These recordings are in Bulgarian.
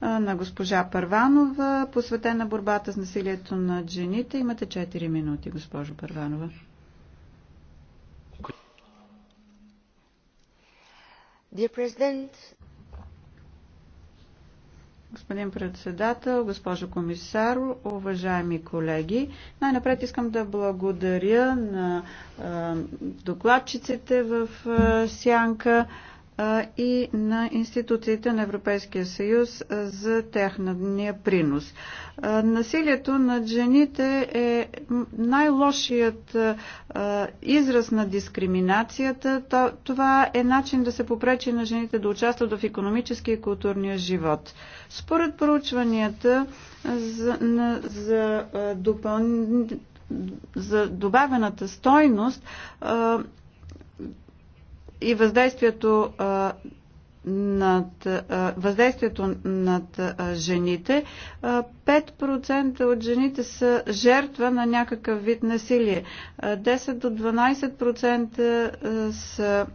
на госпожа Първанова, посветена борбата с насилието на жените. Имате 4 минути, госпожо Първанова. Господин председател, госпожо комисар, уважаеми колеги, най-напред искам да благодаря на докладчиците в Сянка и на институциите на Европейския съюз за техния принос. Насилието над жените е най-лошият израз на дискриминацията. Това е начин да се попречи на жените да участват в економически и културния живот. Според проучванията за, за допълнително за добавената стойност и въздействието над, въздействието над жените. 5% от жените са жертва на някакъв вид насилие. 10 до 12% са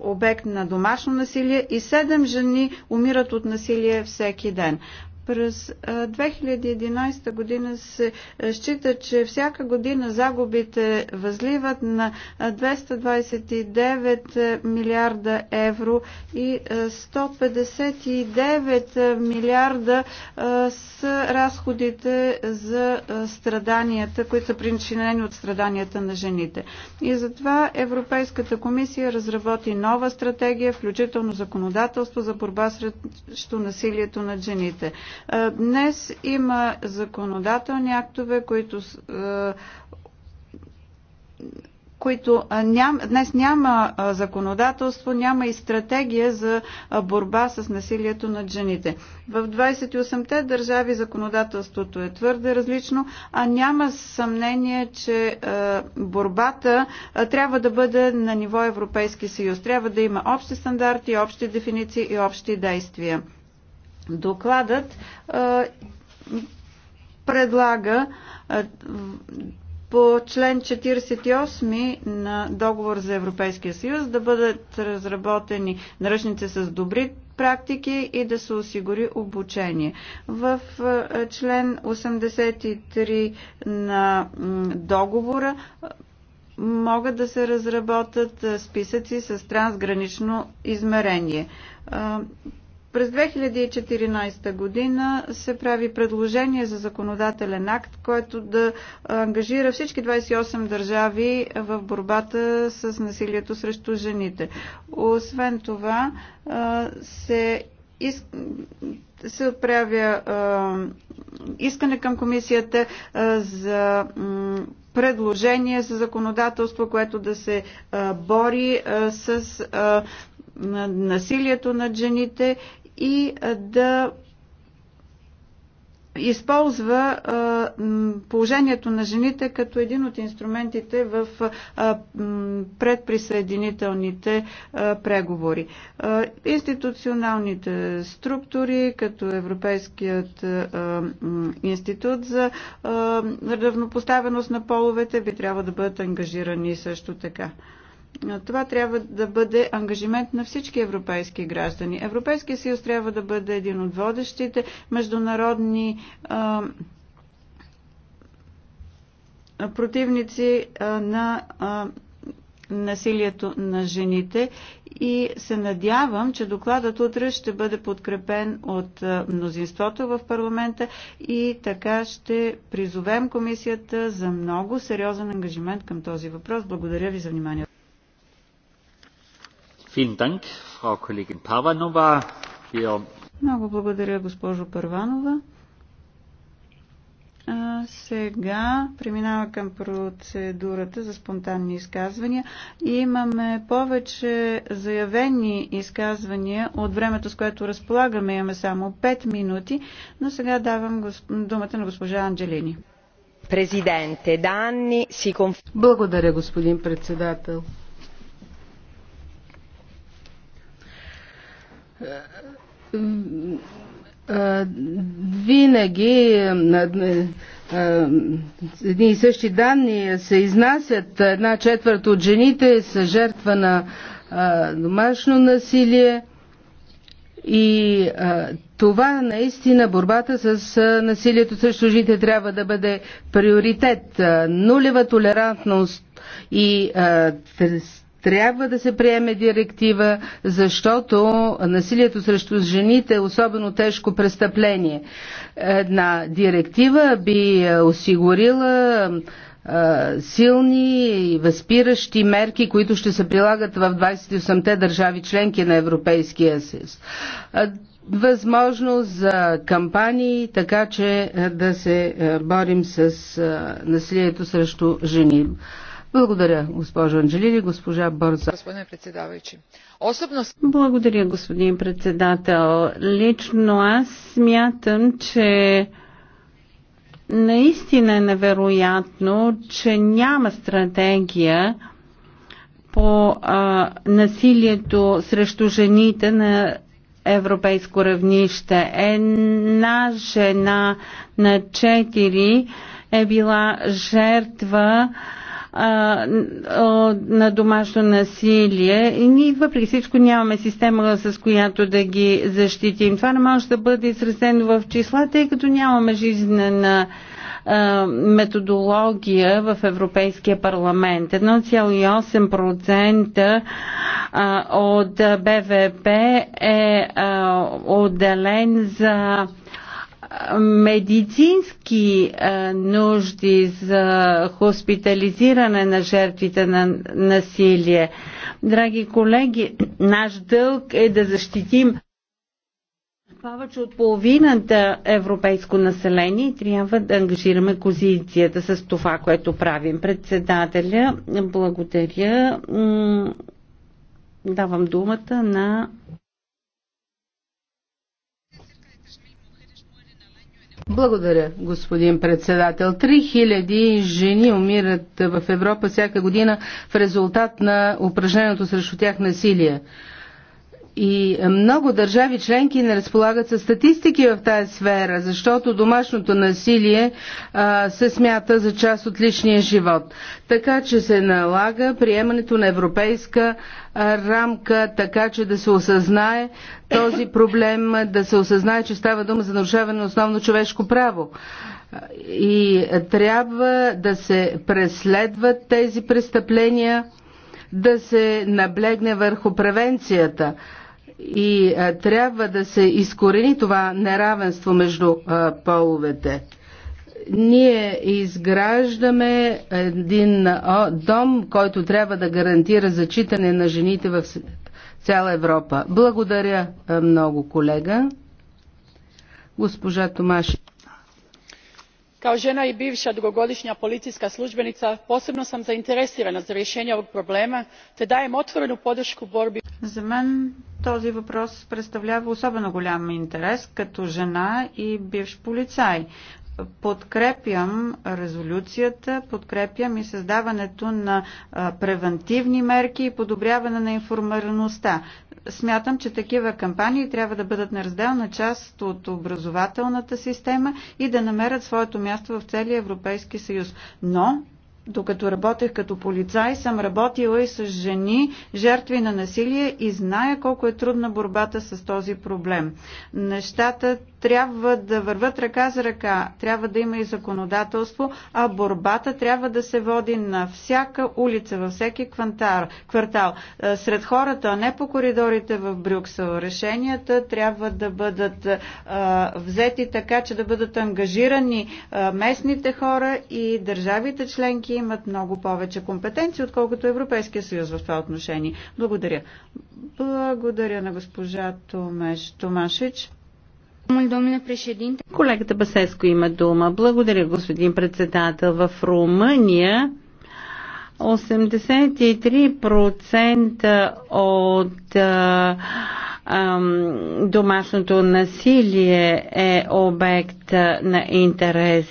обект на домашно насилие и 7 жени умират от насилие всеки ден. През 2011 година се счита, че всяка година загубите възливат на 229 милиарда евро и 159 милиарда с разходите за страданията, които са причинени от страданията на жените. И затова Европейската комисия разработи нова стратегия, включително законодателство за борба срещу насилието над жените. Е, днес има законодателни актове, които е, които е, ням, днес няма законодателство, няма и стратегия за борба с насилието над жените. В 28-те държави законодателството е твърде различно, а няма съмнение, че борбата трябва да бъде на ниво Европейски съюз. Трябва да има общи стандарти, общи дефиниции и общи действия. Докладът предлага по член 48 на договор за Европейския съюз да бъдат разработени наръчници с добри практики и да се осигури обучение. В член 83 на договора могат да се разработят списъци с трансгранично измерение. През 2014 година се прави предложение за законодателен акт, който да ангажира всички 28 държави в борбата с насилието срещу жените. Освен това се се отправя искане към комисията за предложение за законодателство, което да се бори с насилието над жените и да използва положението на жените като един от инструментите в предприсъединителните преговори. Институционалните структури, като Европейският институт за равнопоставеност на половете, би трябва да бъдат ангажирани също така. Това трябва да бъде ангажимент на всички европейски граждани. Европейския съюз трябва да бъде един от водещите международни а, противници а, на а, насилието на жените и се надявам, че докладът утре ще бъде подкрепен от мнозинството в парламента и така ще призовем комисията за много сериозен ангажимент към този въпрос. Благодаря ви за вниманието. Много благодаря, госпожо Първанова. А, сега преминава към процедурата за спонтанни изказвания. Имаме повече заявени изказвания от времето, с което разполагаме. Имаме само 5 минути, но сега давам думата на госпожа Анджелини. Президенте, си конф... Благодаря, господин председател. винаги едни и същи данни се изнасят. Една четвърт от жените са жертва на домашно насилие и това наистина борбата с насилието срещу жените трябва да бъде приоритет. Нулева толерантност и трябва да се приеме директива, защото насилието срещу жените е особено тежко престъпление. Една директива би е, осигурила е, силни и възпиращи мерки, които ще се прилагат в 28-те държави членки на Европейския съюз. Е, възможност за кампании, така че да се борим с насилието срещу жени. Благодаря, госпожо Анджелили, госпожа Борза. Господин председавайчи, особено... Благодаря, господин председател. Лично аз смятам, че наистина е невероятно, че няма стратегия по а, насилието срещу жените на европейско равнище. Една жена на четири е била жертва а, на домашно насилие и ние въпреки всичко нямаме система с която да ги защитим. Това не може да бъде изразено в числа, тъй като нямаме жизнена а, методология в Европейския парламент. 1,8% от БВП е а, отделен за медицински е, нужди за хоспитализиране на жертвите на насилие. Драги колеги, наш дълг е да защитим повече от половината европейско население и трябва да ангажираме козицията с това, което правим. Председателя, благодаря. Давам думата на Благодаря, господин председател. 3000 жени умират в Европа всяка година в резултат на упражненото срещу тях насилие и много държави членки не разполагат с статистики в тази сфера, защото домашното насилие а, се смята за част от личния живот. Така че се налага приемането на европейска а, рамка, така че да се осъзнае този проблем, да се осъзнае, че става дума за нарушаване на основно човешко право. И трябва да се преследват тези престъпления да се наблегне върху превенцията, и е, трябва да се изкорени това неравенство между е, половете. Ние изграждаме един е, дом, който трябва да гарантира зачитане на жените в цяла Европа. Благодаря много, колега. Госпожа Томаши kao ena i biva dugogodinja policijska slubenica posebno sam zainteresirana za rjeenje ovog problema te dajem otvorenu podrku borbi. за мен този въпрос представлява особено голям интерес като жена и бивш полицай. Подкрепям резолюцията, подкрепям и създаването на превентивни мерки и подобряване на информираността. Смятам, че такива кампании трябва да бъдат неразделна част от образователната система и да намерят своето място в целия Европейски съюз. Но докато работех като полицай, съм работила и с жени, жертви на насилие и зная колко е трудна борбата с този проблем. Нещата трябва да върват ръка за ръка. Трябва да има и законодателство, а борбата трябва да се води на всяка улица, във всеки квантар, квартал. Е, сред хората, а не по коридорите в Брюксел. Решенията трябва да бъдат а, е, взети така, че да бъдат ангажирани а, е, местните хора и държавите членки имат много повече компетенции, отколкото Европейския съюз в това отношение. Благодаря. Благодаря на госпожа Томеш Томашич. Колегата Басеско има дума. Благодаря, господин председател. В Румъния 83% от домашното насилие е обект на интерес.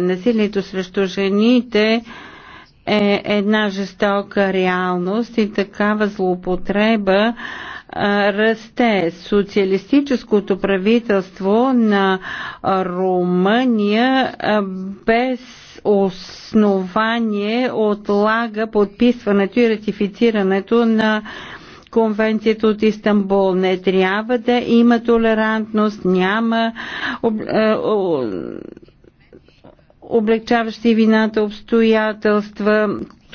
Насилието срещу жените е една жестока реалност и такава злоупотреба расте. Социалистическото правителство на Румъния без основание отлага подписването и ратифицирането на конвенцията от Истанбул. Не трябва да има толерантност, няма облегчаващи вината обстоятелства,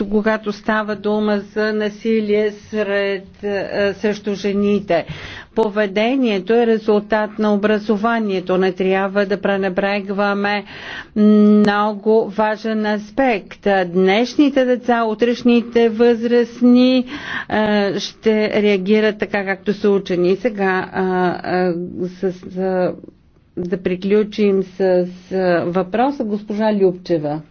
когато става дума за насилие сред, е, срещу жените. Поведението е резултат на образованието. Не трябва да пренебрегваме много важен аспект. Днешните деца, утрешните възрастни е, ще реагират така, както са учени. Сега е, с да приключим с въпроса госпожа Любчева.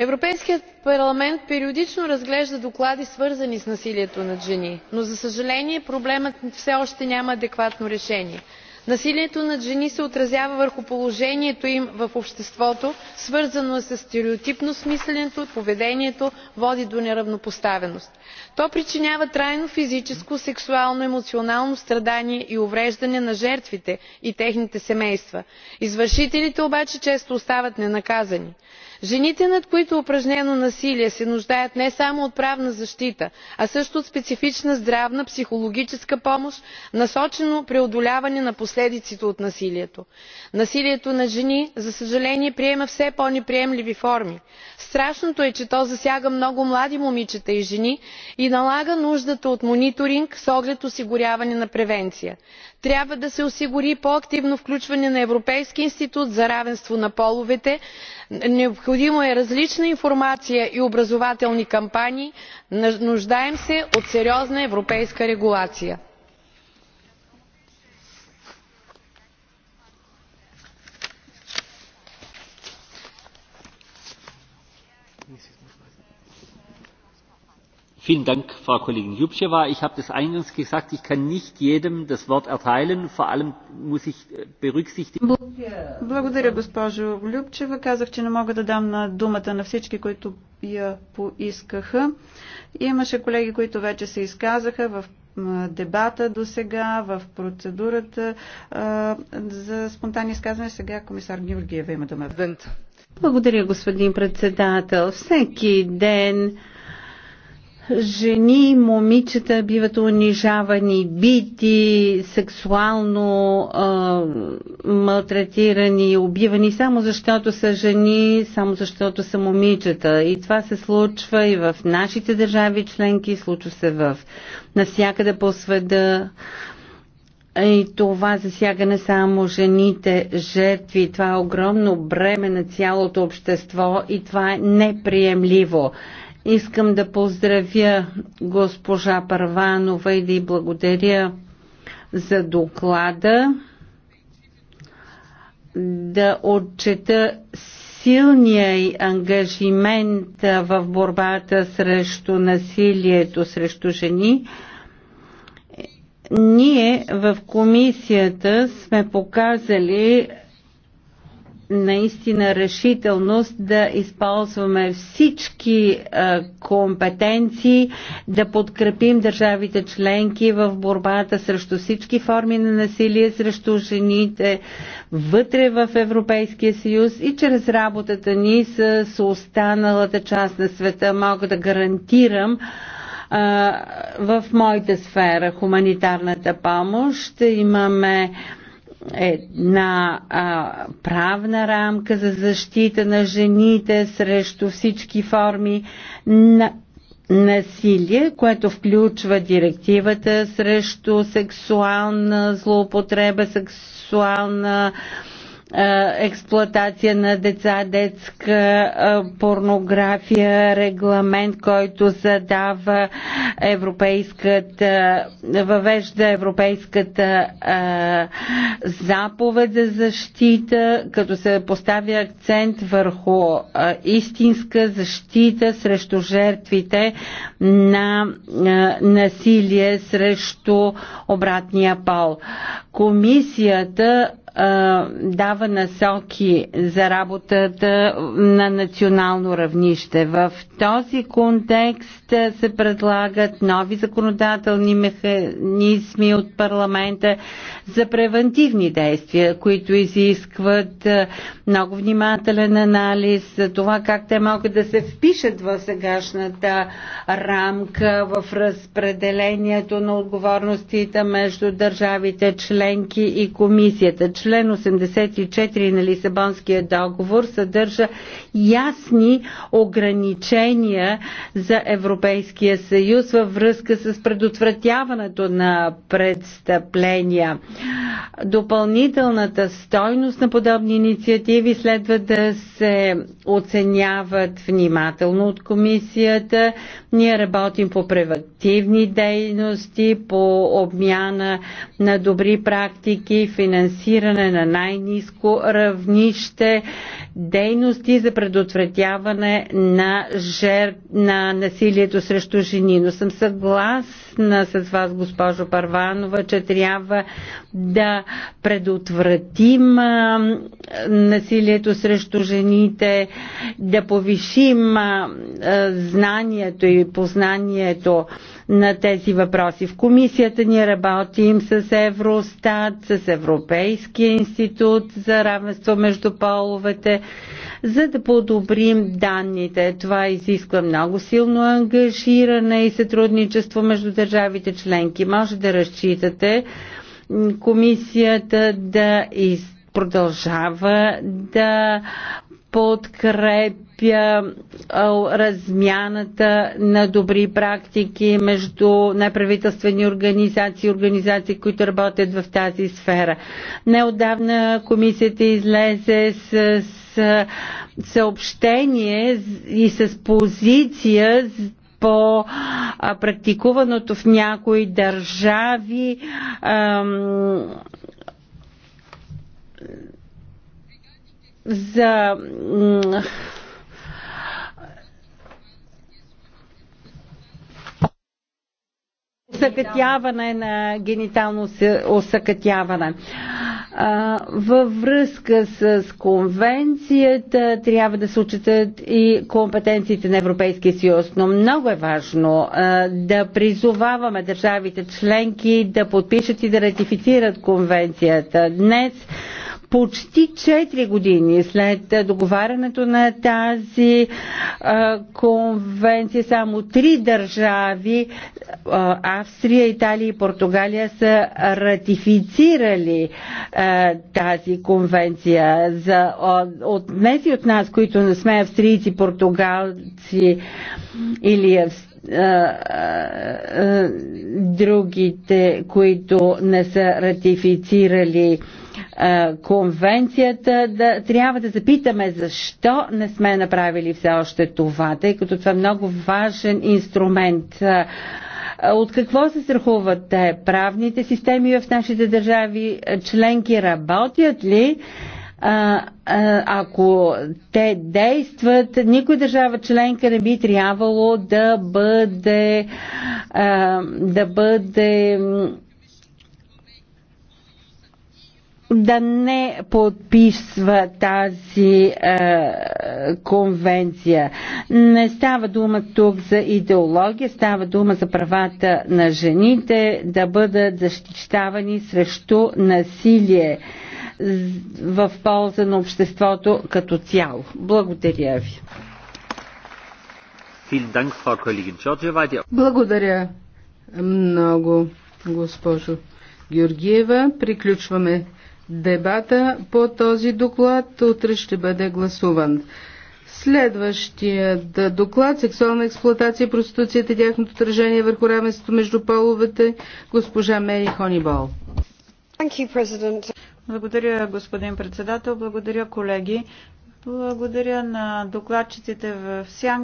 европейският парламент периодично разглежда доклади свързани с насилието над жени но за съжаление проблемът все още няма адекватно решение. насилието над жени се отразява върху положението им в обществото свързано е със стереотипно с мисленето поведението води до неравнопоставеност. то причинява трайно физическо сексуално емоционално страдание и увреждане на жертвите и техните семейства. извършителите обаче често остават ненаказани жените над които е упражнено насилие се нуждаят не само от правна защита а също от специфична здравна психологическа помощ насочено преодоляване на последиците от насилието. насилието над жени за съжаление приема все по неприемливи форми. страшното е че то засяга много млади момичета и жени и налага нуждата от мониторинг с оглед осигуряване на превенция трябва да се осигури по активно включване на европейския институт за равенство на половете Необходима е различна информация и образователни кампании нуждаем се от сериозна европейска регулация. vielen dank frau kollegin ich habe das eingangs gesagt ich kann nicht jedem das wort erteilen. vor allem muss ich äh, berücksichtigen. Благодаря, госпожо Любчева. Казах, че не мога да дам на думата на всички, които я поискаха. Имаше колеги, които вече се изказаха в дебата до сега, в процедурата за спонтанни изказвания. Сега комисар Георгиева има думата. Благодаря, господин председател. Всеки ден жени момичета биват унижавани, бити, сексуално а, малтретирани, убивани само защото са жени, само защото са момичета. И това се случва и в нашите държави членки, случва се в навсякъде по света. И това засяга не само жените жертви, това е огромно бреме на цялото общество и това е неприемливо. Искам да поздравя госпожа Парванова и да й благодаря за доклада. Да отчета силния ангажимент в борбата срещу насилието срещу жени. Ние в комисията сме показали наистина решителност да използваме всички компетенции, да подкрепим държавите членки в борбата срещу всички форми на насилие срещу жените вътре в Европейския съюз и чрез работата ни с останалата част на света мога да гарантирам, в моята сфера, хуманитарната помощ, имаме една а, правна рамка за защита на жените срещу всички форми на насилие, което включва директивата срещу сексуална злоупотреба, сексуална а, експлоатация на деца, детска порнография, регламент, който задава европейската, въвежда европейската заповед за защита, като се поставя акцент върху истинска защита срещу жертвите на насилие срещу обратния пол. Комисията дава насоки за работата на национално равнище. В този контекст се предлагат нови законодателни механизми от парламента за превентивни действия, които изискват много внимателен анализ за това как те могат да се впишат в сегашната рамка, в разпределението на отговорностите между държавите членки и комисията член 84 на Лисабонския договор съдържа ясни ограничения за Европейския съюз във връзка с предотвратяването на престъпления. Допълнителната стойност на подобни инициативи следва да се оценяват внимателно от комисията. Ние работим по превентивни дейности, по обмяна на добри практики, финансиране финансиране на най-низко равнище, дейности за предотвратяване на, жер... на насилието срещу жени. Но съм съгласна с вас, госпожо Парванова, че трябва да предотвратим насилието срещу жените, да повишим знанието и познанието на тези въпроси. В комисията ние работим с Евростат, с Европейския институт за равенство между половете, за да подобрим данните. Това изисква много силно ангажиране и сътрудничество между държавите членки. Може да разчитате комисията да из продължава да подкрепя размяната на добри практики между неправителствени организации и организации, които работят в тази сфера. Неодавна комисията излезе с съобщение и с позиция по практикуваното в някои държави за осъкътяване на генитално осъкътяване. Във връзка с конвенцията трябва да се учитат и компетенциите на Европейския съюз, но много е важно да призоваваме държавите членки да подпишат и да ратифицират конвенцията. Днес почти 4 години след договарянето на тази а, конвенция, само три държави а, Австрия, Италия и Португалия са ратифицирали а, тази конвенция. За, от, от днес и от нас, които не сме австрийци, португалци или австрийци, другите, които не са ратифицирали конвенцията, да, трябва да запитаме защо не сме направили все още това, тъй като това е много важен инструмент. От какво се страхуват те? Правните системи в нашите държави членки работят ли? А, а, ако те действат, никой държава членка не би трябвало да бъде а, да бъде да не подписва тази е, конвенция. Не става дума тук за идеология, става дума за правата на жените да бъдат защищавани срещу насилие в полза на обществото като цяло. Благодаря ви. Благодаря много, госпожо Георгиева. Приключваме дебата по този доклад. Утре ще бъде гласуван. Следващият доклад сексуална експлуатация, проституцията и тяхното отражение върху равенството между половете, госпожа Мери Хонибол. Благодаря, господин председател. Благодаря, колеги. Благодаря на докладчиците в Сянка.